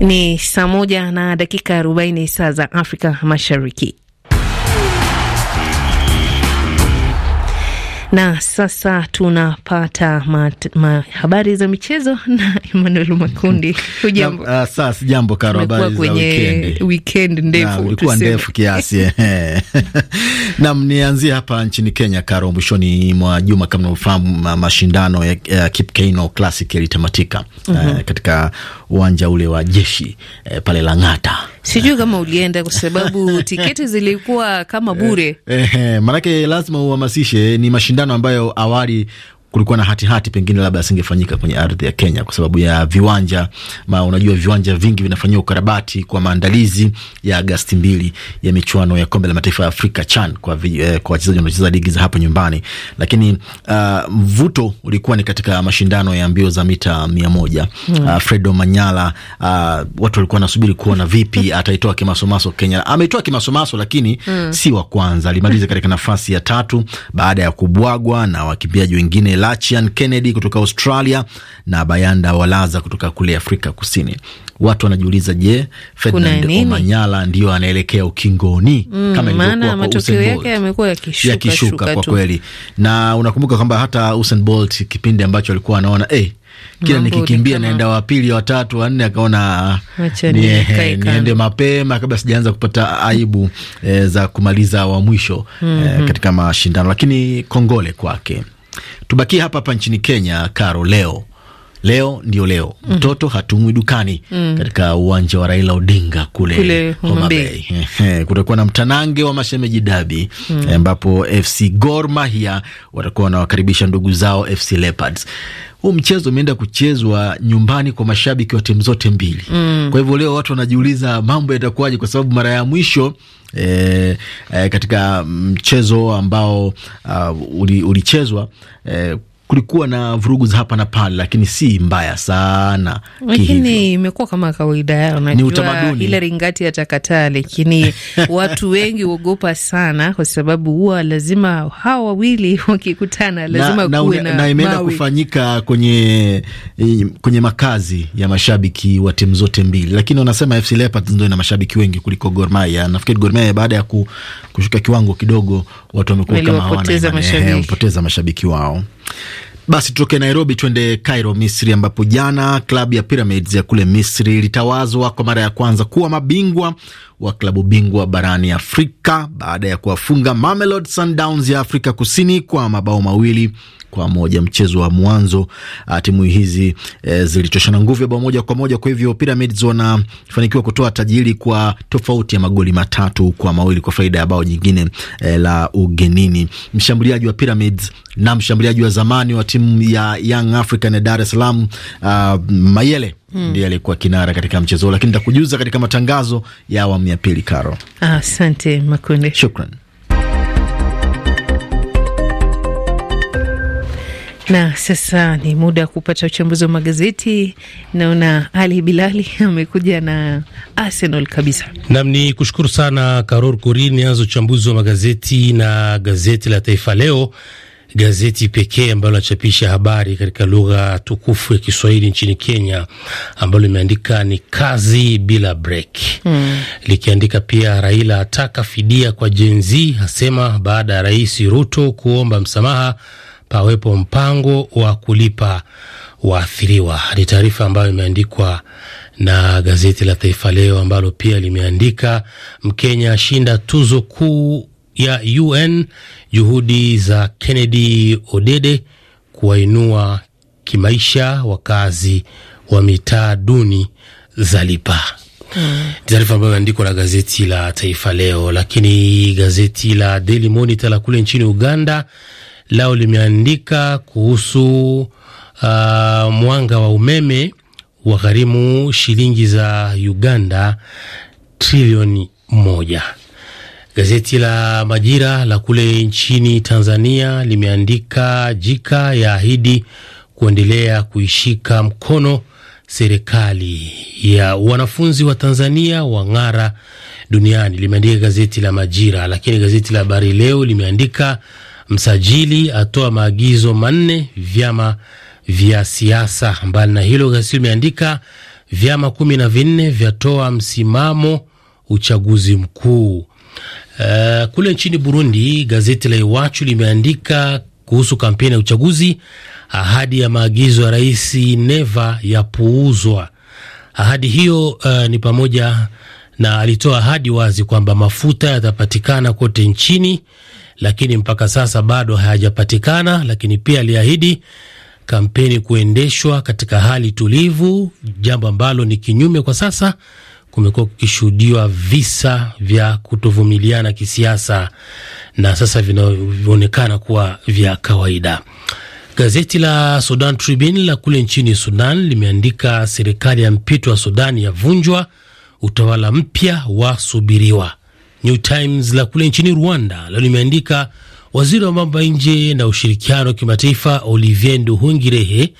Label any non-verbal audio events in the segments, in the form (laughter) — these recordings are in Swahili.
Ni saa moja na dakika arobaini saa za Afrika Mashariki. Na sasa tunapata habari za michezo (laughs) na Emmanuel Makundi. Hujambo? Uh, sasa sijambo Karo, habari za weekend. Weekend ndefu ndefu kiasi. Eh. (laughs) nam nianzie hapa nchini Kenya Karo, mwishoni mwa juma kama unavyofahamu mashindano ya uh, Kipkeino Classic yalitamatika uh, -huh. uh, katika uwanja ule wa jeshi uh, pale Lang'ata Sijui kama ulienda kwa sababu (laughs) tiketi zilikuwa kama bure. Eh, eh, manake lazima uhamasishe. Ni mashindano ambayo awali kulikuwa na hatihati hati, pengine labda asingefanyika kwenye ardhi ya Kenya kwa sababu ya viwanja ma, unajua viwanja vingi vinafanyiwa ukarabati kwa maandalizi ya Agasti mbili ya michuano ya kombe la mataifa ya Afrika CHAN kwa, eh, kwa wachezaji wanaocheza ligi za hapa nyumbani, lakini uh, mvuto ulikuwa ni katika mashindano ya mbio za mita mia moja hmm. uh, Fredo Manyala uh, watu walikuwa wanasubiri kuona vipi (laughs) ataitoa kimasomaso Kenya. Ameitoa kimasomaso lakini hmm. si wa kwanza, alimaliza katika nafasi ya tatu baada ya kubwagwa na wakimbiaji wengine Lachian Kennedy kutoka Australia na Bayanda Walaza kutoka kule Afrika Kusini. Watu wanajiuliza je, Ferdinand Omanyala ndiyo anaelekea ukingoni? Mm, kama maana matokeo yake yamekuwa yakishuka yakishuka kwa kweli, na unakumbuka kwamba hata Usain Bolt kipindi ambacho alikuwa anaona hey, eh, kila nikikimbia naenda wapili watatu wanne, akaona niende mapema kabla sijaanza kupata aibu e, za kumaliza wa mwisho mm -hmm. e, katika mashindano, lakini kongole kwake. Tubakie hapa hapa nchini Kenya, Karo. Leo leo ndio leo, mhm. mtoto mm hatumwi dukani mm katika uwanja wa Raila Odinga kule, kule Homa Bay kutakuwa na mtanange wa mashemeji dabi mm. Eh, ambapo mm FC Gor Mahia watakuwa wanawakaribisha ndugu zao FC Leopards huu mchezo umeenda kuchezwa nyumbani kwa mashabiki wa timu zote mbili mm. Kwa hivyo leo watu wanajiuliza mambo yatakuwaje, kwa sababu mara ya mwisho eh, eh, katika mchezo ambao uh, ulichezwa uli eh, kulikuwa na vurugu za hapa na pale, lakini si mbaya sana, lakini imekuwa kama kawaida yao. Najua ile ringati ya takataa, lakini (laughs) watu wengi huogopa sana, kwa sababu huwa lazima hawa wawili (laughs) wakikutana lazima na, kuwe na, na, na imeenda kufanyika kwenye kwenye makazi ya mashabiki wa timu zote mbili, lakini wanasema FC Leopards ndio ina mashabiki wengi kuliko Gor Mahia. Nafikiri Gor Mahia baada ya kushuka kiwango kidogo, watu wamekuwa kama hawana, poteza mashabiki wao. Basi tutoke Nairobi tuende Cairo, Misri, ambapo jana klabu ya Pyramids ya kule Misri ilitawazwa kwa mara ya kwanza kuwa mabingwa wa klabu bingwa barani Afrika baada ya kuwafunga Mamelodi Sundowns ya Afrika Kusini kwa mabao mawili kwa moja. Mchezo wa mwanzo ah, timu hizi e, zilichoshana nguvu ya bao moja kwa moja. Kwa hivyo Pyramids wanafanikiwa ah, kutoa tajiri kwa tofauti ya magoli matatu kwa mawili kwa faida ya bao jingine e, la ugenini. Mshambuliaji wa Pyramids na mshambuliaji wa zamani wa timu ya Young African ya Dar es Salaam uh, Mayele Hmm, ndiye alikuwa kinara katika mchezo lakini nitakujuza katika matangazo ya awamu ya pili. Karo, asante ah, Makunde, shukran. Na sasa ni muda wa kupata uchambuzi wa magazeti. Naona Ali Bilali (laughs) amekuja na Arsenal kabisa. Nam ni kushukuru sana Karor Kori. Nianza uchambuzi wa magazeti na gazeti la Taifa Leo, gazeti pekee ambalo linachapisha habari katika lugha tukufu ya Kiswahili nchini Kenya, ambalo limeandika ni kazi bila break mm. Likiandika pia Raila ataka fidia kwa Gen Z, asema baada ya Rais Ruto kuomba msamaha pawepo mpango wa kulipa waathiriwa. Ni taarifa ambayo imeandikwa na gazeti la Taifa Leo ambalo pia limeandika Mkenya ashinda tuzo kuu ya UN, juhudi za Kennedy Odede kuwainua kimaisha wakazi wa mitaa duni za Lipa. Mm. Taarifa ambayo imeandikwa na gazeti la Taifa Leo, lakini gazeti la Daily Monitor la kule nchini Uganda lao limeandika kuhusu uh, mwanga wa umeme wa gharimu shilingi za Uganda trilioni moja. Gazeti la Majira la kule nchini Tanzania limeandika Jika ya ahidi kuendelea kuishika mkono serikali ya wanafunzi wa Tanzania wang'ara duniani, limeandika gazeti la Majira. Lakini gazeti la Habari Leo limeandika Msajili atoa maagizo manne vyama vya siasa. Mbali na hilo, gazeti limeandika vyama kumi na vinne vyatoa msimamo uchaguzi mkuu. Uh, kule nchini Burundi gazeti la Iwachu limeandika kuhusu kampeni ya uchaguzi, ahadi ya maagizo ya rais Neva yapuuzwa. Ahadi hiyo uh, ni pamoja na alitoa ahadi wazi kwamba mafuta yatapatikana kote nchini lakini mpaka sasa bado hayajapatikana. Lakini pia aliahidi kampeni kuendeshwa katika hali tulivu, jambo ambalo ni kinyume kwa sasa. Kumekuwa kukishuhudiwa visa vya kutovumiliana kisiasa na sasa vinavyoonekana kuwa vya kawaida. Gazeti la Sudan Tribune la kule nchini Sudan limeandika serikali ya mpito wa Sudan yavunjwa, utawala mpya wasubiriwa. New Times la kule nchini Rwanda leo limeandika waziri wa mambo ya nje na ushirikiano wa kimataifa Olivier Nduhungirehe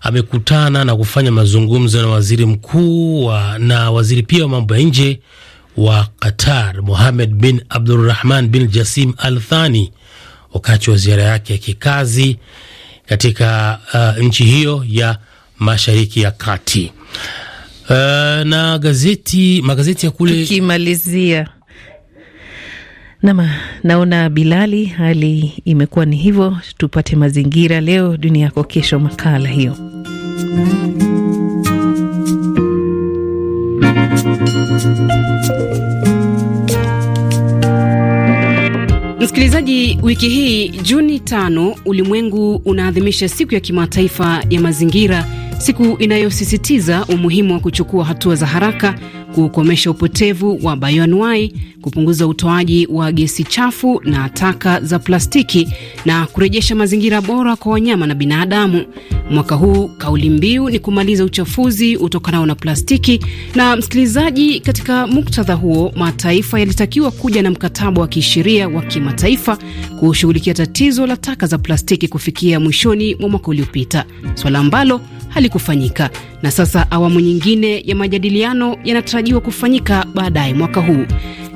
amekutana na kufanya mazungumzo na waziri mkuu wa, na waziri pia wa mambo ya nje wa Qatar Mohamed bin Abdulrahman bin Jasim Al Thani wakati wa ziara yake ya kikazi katika uh, nchi hiyo ya Mashariki ya Kati. Uh, na gazeti magazeti ya kule tukimalizia Nama, naona Bilali, hali imekuwa ni hivyo. Tupate mazingira leo dunia yako kesho, makala hiyo Msikilizaji, wiki hii Juni tano, ulimwengu unaadhimisha siku ya kimataifa ya mazingira, siku inayosisitiza umuhimu wa kuchukua hatua za haraka kukomesha upotevu wa bayoanuai, kupunguza utoaji wa gesi chafu na taka za plastiki na kurejesha mazingira bora kwa wanyama na binadamu. Mwaka huu kauli mbiu ni kumaliza uchafuzi utokanao na plastiki. Na msikilizaji, katika muktadha huo, mataifa yalitakiwa kuja na mkataba wa kisheria wa kimataifa kushughulikia tatizo la taka za plastiki kufikia mwishoni mwa mwaka uliopita, swala ambalo halikufanyika, na sasa awamu nyingine ya majadiliano yanatarajiwa kufanyika baadaye mwaka huu.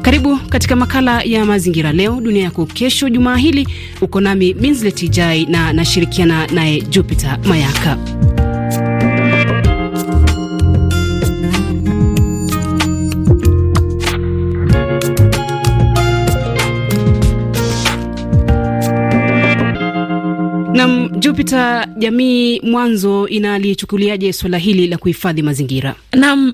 Karibu katika makala ya mazingira leo dunia yako kesho. Jumaa hili uko nami Minslet Jai na nashirikiana naye Jupiter Mayaka. Jupita, jamii mwanzo inalichukuliaje swala hili la kuhifadhi mazingira? Naam,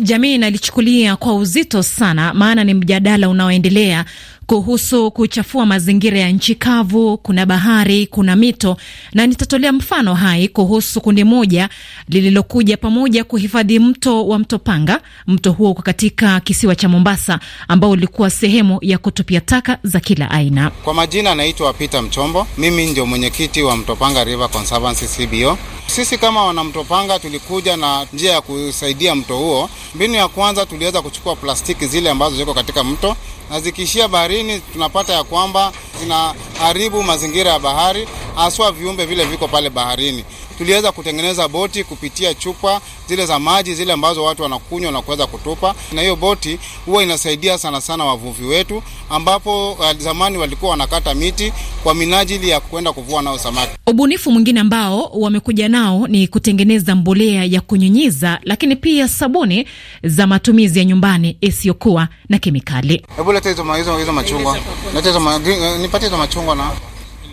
jamii inalichukulia kwa uzito sana, maana ni mjadala unaoendelea kuhusu kuchafua mazingira ya nchi kavu. Kuna bahari, kuna mito, na nitatolea mfano hai kuhusu kundi moja lililokuja pamoja kuhifadhi mto wa Mtopanga. Mto huo uko katika kisiwa cha Mombasa, ambao ulikuwa sehemu ya kutupia taka za kila aina. Kwa majina anaitwa Peter Mchombo, mimi ndio mwenyekiti wa Mtopanga River Conservancy CBO. Sisi kama wanamtopanga tulikuja na njia ya kusaidia mto huo. Mbinu ya kwanza, tuliweza kuchukua plastiki zile ambazo ziko katika mto na zikiishia baharini tunapata ya kwamba zinaharibu mazingira ya bahari, haswa viumbe vile viko pale baharini. Tuliweza kutengeneza boti kupitia chupa zile za maji zile ambazo watu wanakunywa na kuweza kutupa, na hiyo boti huwa inasaidia sana sana wavuvi wetu, ambapo ah, zamani walikuwa wanakata miti kwa minajili ya kwenda kuvua nao samaki. Ubunifu mwingine ambao wamekuja nao ni kutengeneza mbolea ya kunyunyiza, lakini pia sabuni za matumizi ya nyumbani isiyokuwa na kemikali. Hebu leta hizo hizo machungwa, leta hizo eh, nipate za machungwa na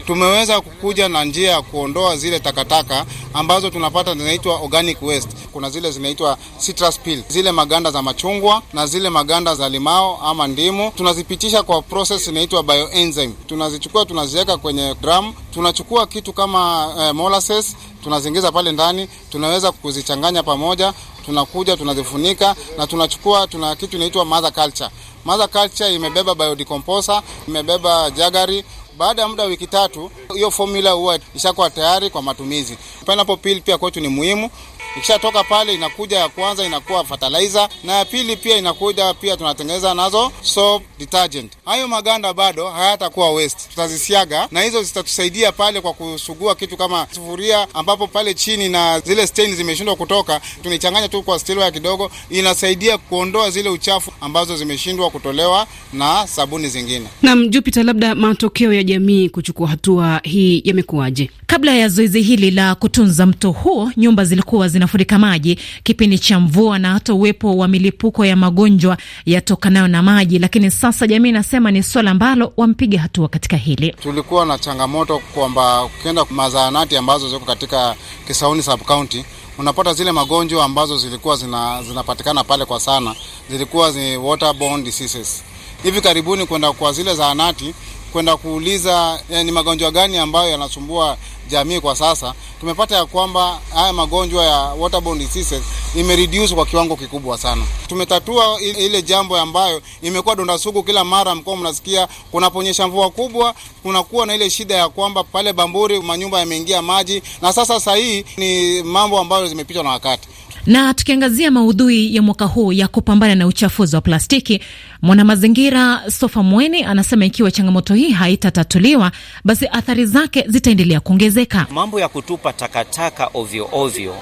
tumeweza kukuja na njia ya kuondoa zile takataka ambazo tunapata zinaitwa organic waste. Kuna zile zinaitwa citrus peel, zile maganda za machungwa na zile maganda za limao ama ndimu, tunazipitisha kwa process inaitwa bioenzyme. Tunazichukua, tunaziweka kwenye drum, tunachukua kitu kama eh, molasses tunaziingiza pale ndani, tunaweza kuzichanganya pamoja, tunakuja tunazifunika na tunachukua, tuna kitu inaitwa mother culture. Mother culture imebeba biodecomposer, imebeba jagari baada ya muda wiki tatu, hiyo formula huwa ishakuwa tayari kwa matumizi. Pineapple peel pia kwetu ni muhimu. Ikishatoka pale inakuja ya kwanza inakuwa fertilizer, na ya pili pia inakuja pia tunatengeneza nazo soap detergent. Hayo maganda bado hayatakuwa waste, tutazisiaga na hizo zitatusaidia pale kwa kusugua kitu kama sufuria, ambapo pale chini na zile stain zimeshindwa kutoka, tunaichanganya tu kwa stilwa kidogo, inasaidia kuondoa zile uchafu ambazo zimeshindwa kutolewa na sabuni zingine. Na mjupita, labda matokeo ya jamii kuchukua hatua hii yamekuwaje? Kabla ya zoezi hili la kutunza mto huo, nyumba zilikuwa zina zinafurika maji kipindi cha mvua na hata uwepo wa milipuko ya magonjwa yatokanayo na maji, lakini sasa jamii inasema ni swala ambalo wampiga hatua katika hili. Tulikuwa na changamoto kwamba ukienda mazaanati ambazo ziko katika Kisauni sub county unapata zile magonjwa ambazo zilikuwa zina, zinapatikana pale kwa sana zilikuwa ni waterborne diseases. Hivi karibuni kwenda kwa zile zaanati kwenda kuuliza eh, ni magonjwa gani ambayo yanasumbua jamii kwa sasa, tumepata ya kwamba haya magonjwa ya waterborne diseases imereduce kwa kiwango kikubwa sana. Tumetatua ile jambo ambayo imekuwa donda sugu, kila mara mkoa mnasikia kunaponyesha mvua kubwa, kunakuwa na ile shida ya kwamba pale Bamburi manyumba yameingia maji, na sasa sasa hii ni mambo ambayo zimepitwa na wakati. Na tukiangazia maudhui ya mwaka huu ya kupambana na uchafuzi wa plastiki, mwanamazingira Sofa Mweni anasema ikiwa changamoto hii haitatatuliwa, basi athari zake zitaendelea kuongezeka. Mambo ya kutupa takataka ovyo ovyo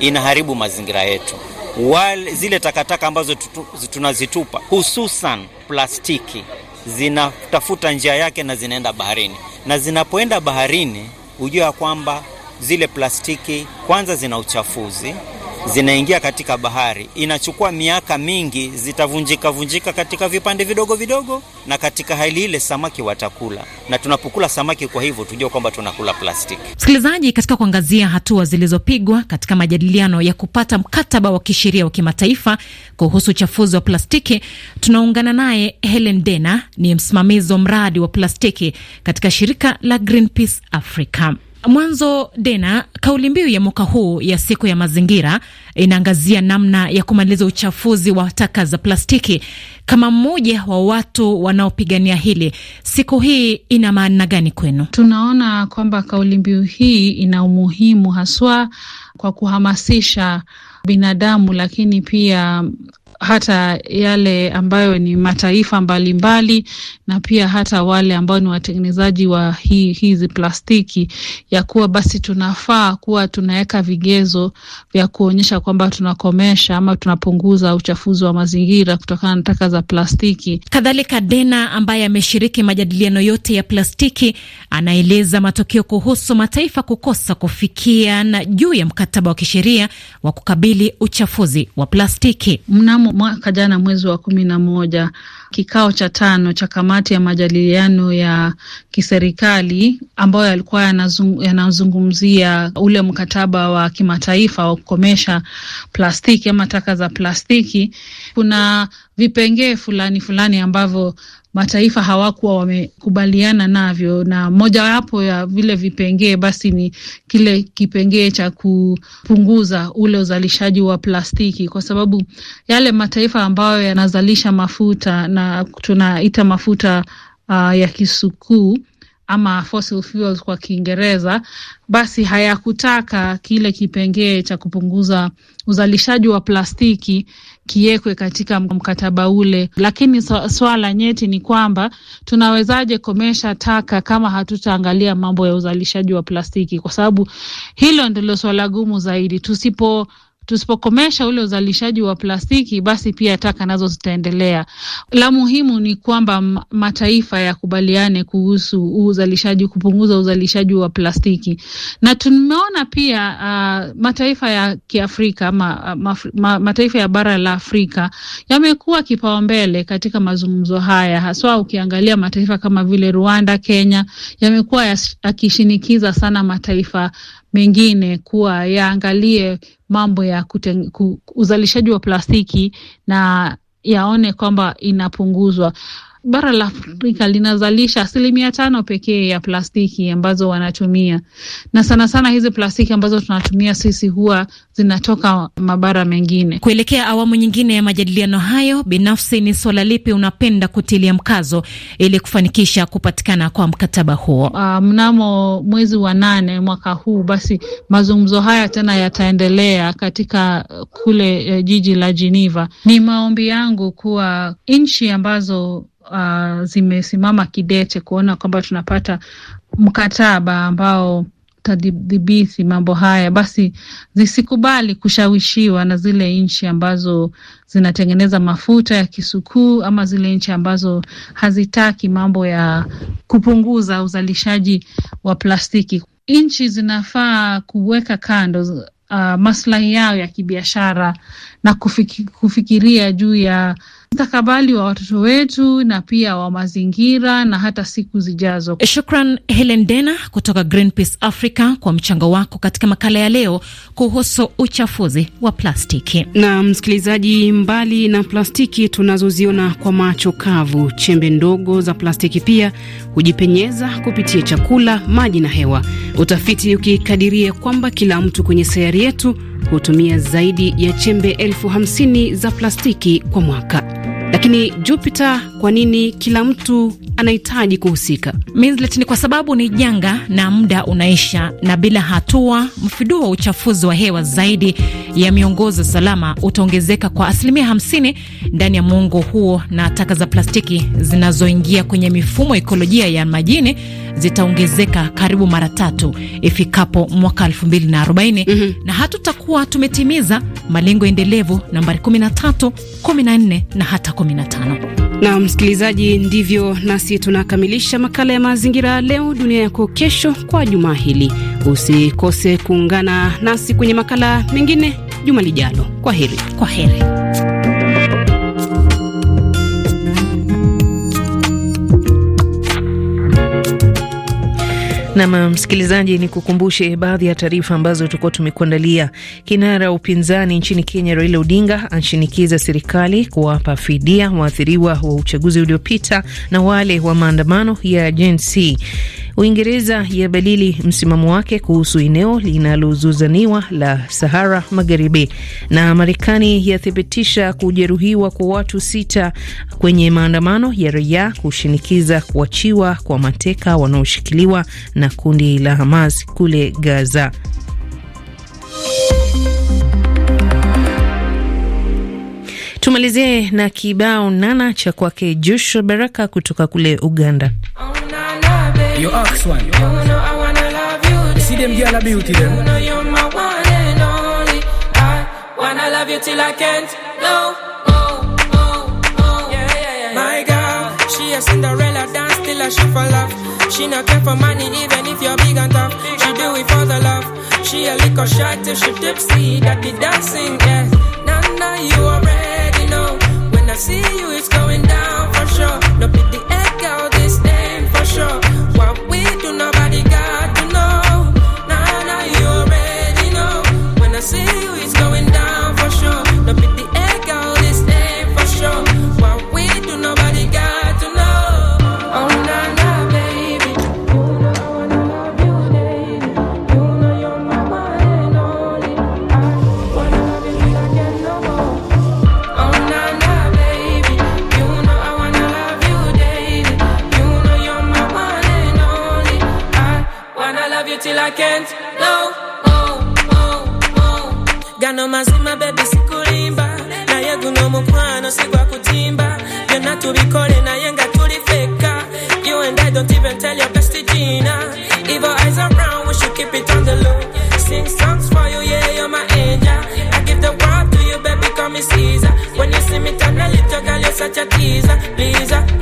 inaharibu mazingira yetu. Wale, zile takataka ambazo tutu, tunazitupa hususan plastiki zinatafuta njia yake na zinaenda baharini, na zinapoenda baharini, hujua ya kwamba zile plastiki kwanza zina uchafuzi zinaingia katika bahari, inachukua miaka mingi, zitavunjika vunjika katika vipande vidogo vidogo, na katika hali ile samaki watakula. Na tunapokula samaki, kwa hivyo tujue kwamba tunakula plastiki. Msikilizaji, katika kuangazia hatua zilizopigwa katika majadiliano ya kupata mkataba wa kisheria wa kimataifa kuhusu uchafuzi wa plastiki, tunaungana naye Helen Dena, ni msimamizi wa mradi wa plastiki katika shirika la Greenpeace Africa. Mwanzo Dena, kauli mbiu ya mwaka huu ya siku ya mazingira inaangazia namna ya kumaliza uchafuzi wa taka za plastiki. Kama mmoja wa watu wanaopigania hili, siku hii ina maana gani kwenu? Tunaona kwamba kauli mbiu hii ina umuhimu haswa kwa kuhamasisha binadamu, lakini pia hata yale ambayo ni mataifa mbalimbali mbali, na pia hata wale ambao ni watengenezaji wa hii hizi plastiki, ya kuwa basi tunafaa kuwa tunaweka vigezo vya kuonyesha kwamba tunakomesha ama tunapunguza uchafuzi wa mazingira kutokana na taka za plastiki. Kadhalika, Dena ambaye ameshiriki majadiliano yote ya plastiki anaeleza matokeo kuhusu mataifa kukosa kufikia na juu ya mkataba wa kisheria wa kukabili uchafuzi wa plastiki mnamo mwaka jana mwezi wa kumi na moja kikao cha tano cha kamati ya majadiliano ya kiserikali ambayo yalikuwa yanazungumzia ya ule mkataba wa kimataifa wa kukomesha plastiki ama taka za plastiki. Kuna vipengee fulani fulani ambavyo mataifa hawakuwa wamekubaliana navyo, na mojawapo ya vile vipengee basi ni kile kipengee cha kupunguza ule uzalishaji wa plastiki, kwa sababu yale mataifa ambayo yanazalisha mafuta na tunaita mafuta uh, ya kisukuu ama fossil fuels kwa Kiingereza, basi hayakutaka kile kipengee cha kupunguza uzalishaji wa plastiki kiwekwe katika mkataba ule. Lakini swala nyeti ni kwamba tunawezaje komesha taka kama hatutaangalia mambo ya uzalishaji wa plastiki, kwa sababu hilo ndilo swala gumu zaidi. Tusipo tusipokomesha ule uzalishaji wa plastiki, basi pia taka nazo zitaendelea. La muhimu ni kwamba mataifa yakubaliane kuhusu uzalishaji, kupunguza uzalishaji wa plastiki, na tumeona pia uh, mataifa ya Kiafrika ma, uh, ma, ma, mataifa ya bara la Afrika yamekuwa kipaumbele katika mazungumzo haya, haswa ukiangalia mataifa kama vile Rwanda, Kenya yamekuwa yakishinikiza sana mataifa mengine kuwa yaangalie mambo ya kuten, ku, uzalishaji wa plastiki na yaone kwamba inapunguzwa bara la Afrika linazalisha asilimia tano pekee ya plastiki ambazo wanatumia, na sana sana hizi plastiki ambazo tunatumia sisi huwa zinatoka mabara mengine. Kuelekea awamu nyingine ya majadiliano hayo, binafsi ni swala lipi unapenda kutilia mkazo ili kufanikisha kupatikana kwa mkataba huo? Uh, mnamo mwezi wa nane mwaka huu, basi mazungumzo haya tena yataendelea katika kule, uh, jiji la Geneva. Ni maombi yangu kuwa nchi ambazo uh, zimesimama kidete kuona kwamba tunapata mkataba ambao utadhibiti mambo haya, basi zisikubali kushawishiwa na zile nchi ambazo zinatengeneza mafuta ya kisukuu ama zile nchi ambazo hazitaki mambo ya kupunguza uzalishaji wa plastiki. Nchi zinafaa kuweka kando uh, maslahi yao ya kibiashara na kufiki, kufikiria juu ya mstakabali wa watoto wetu na pia wa mazingira na hata siku zijazo. Shukran Helen Dena kutoka Greenpeace Africa kwa mchango wako katika makala ya leo kuhusu uchafuzi wa plastiki. Na msikilizaji, mbali na plastiki tunazoziona kwa macho kavu, chembe ndogo za plastiki pia hujipenyeza kupitia chakula, maji na hewa, utafiti ukikadiria kwamba kila mtu kwenye sayari yetu hutumia zaidi ya chembe elfu hamsini za plastiki kwa mwaka. Lakini Jupiter, kwa nini kila mtu anahitaji kuhusika? Mislet, ni kwa sababu ni janga na muda unaisha, na bila hatua mfiduo wa uchafuzi wa hewa zaidi ya miongozo salama utaongezeka kwa asilimia 50 ndani ya muongo huo, na taka za plastiki zinazoingia kwenye mifumo ekolojia ya majini zitaongezeka karibu mara tatu ifikapo mwaka 2040 na, mm -hmm. na hatutakuwa tumetimiza malengo endelevu nambari 13, 14 na hata 15. Na msikilizaji, ndivyo nasi tunakamilisha makala ya mazingira leo dunia yako kesho kwa juma hili. Usikose kuungana nasi kwenye makala mengine juma lijalo. Kwa heri, kwa heri. Nam msikilizaji, ni kukumbushe baadhi ya taarifa ambazo tulikuwa tumekuandalia. Kinara wa upinzani nchini Kenya Raila Odinga ashinikiza serikali kuwapa fidia waathiriwa wa uchaguzi uliopita na wale wa maandamano ya Gen Z. Uingereza yabadili msimamo wake kuhusu eneo linalozuzaniwa la Sahara Magharibi, na Marekani yathibitisha kujeruhiwa kwa watu sita kwenye maandamano ya raia kushinikiza kuachiwa kwa mateka wanaoshikiliwa na kundi la Hamas kule Gaza. Tumalizie na kibao nana cha kwake Joshua Baraka kutoka kule Uganda. You ask one. You know I wanna love you. you see them girl a beauty them. You know you're my one and only. I wanna love you till I can't. No. Oh, oh, oh. Yeah, yeah, yeah, my girl, she a Cinderella dance till I she for love. She not care for money even if you're big and tough. She do it for the love. She a little shy till she tipsy. That be dancing, yeah. love you till I can't. No, oh, oh, oh. Gano mazima baby sikulimba naye guno mukwano sigwa kutimba byonna tubikole naye nga tulifeka you and I don't even tell your bestie Gina evil eyes around we should keep it on the low sing songs for you yeah you're my angel I give the world to you baby call me Caesar when you see me turn a little girl you're such a teaser pleaser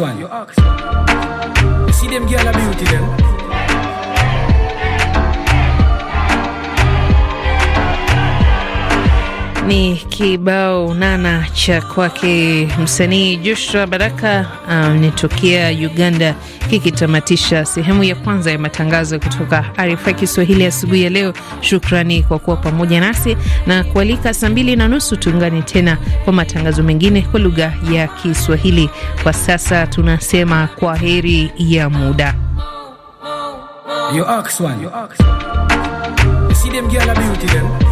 算有。Ni kibao nana cha kwake msanii Joshua Baraka anitokea uh, um, Uganda, kikitamatisha sehemu ya kwanza ya matangazo kutoka RFI Kiswahili asubuhi ya, ya leo. Shukrani kwa kuwa pamoja nasi na kualika, saa mbili na nusu tuungane tena kwa matangazo mengine kwa lugha ya Kiswahili. Kwa sasa tunasema kwa heri ya muda Yo,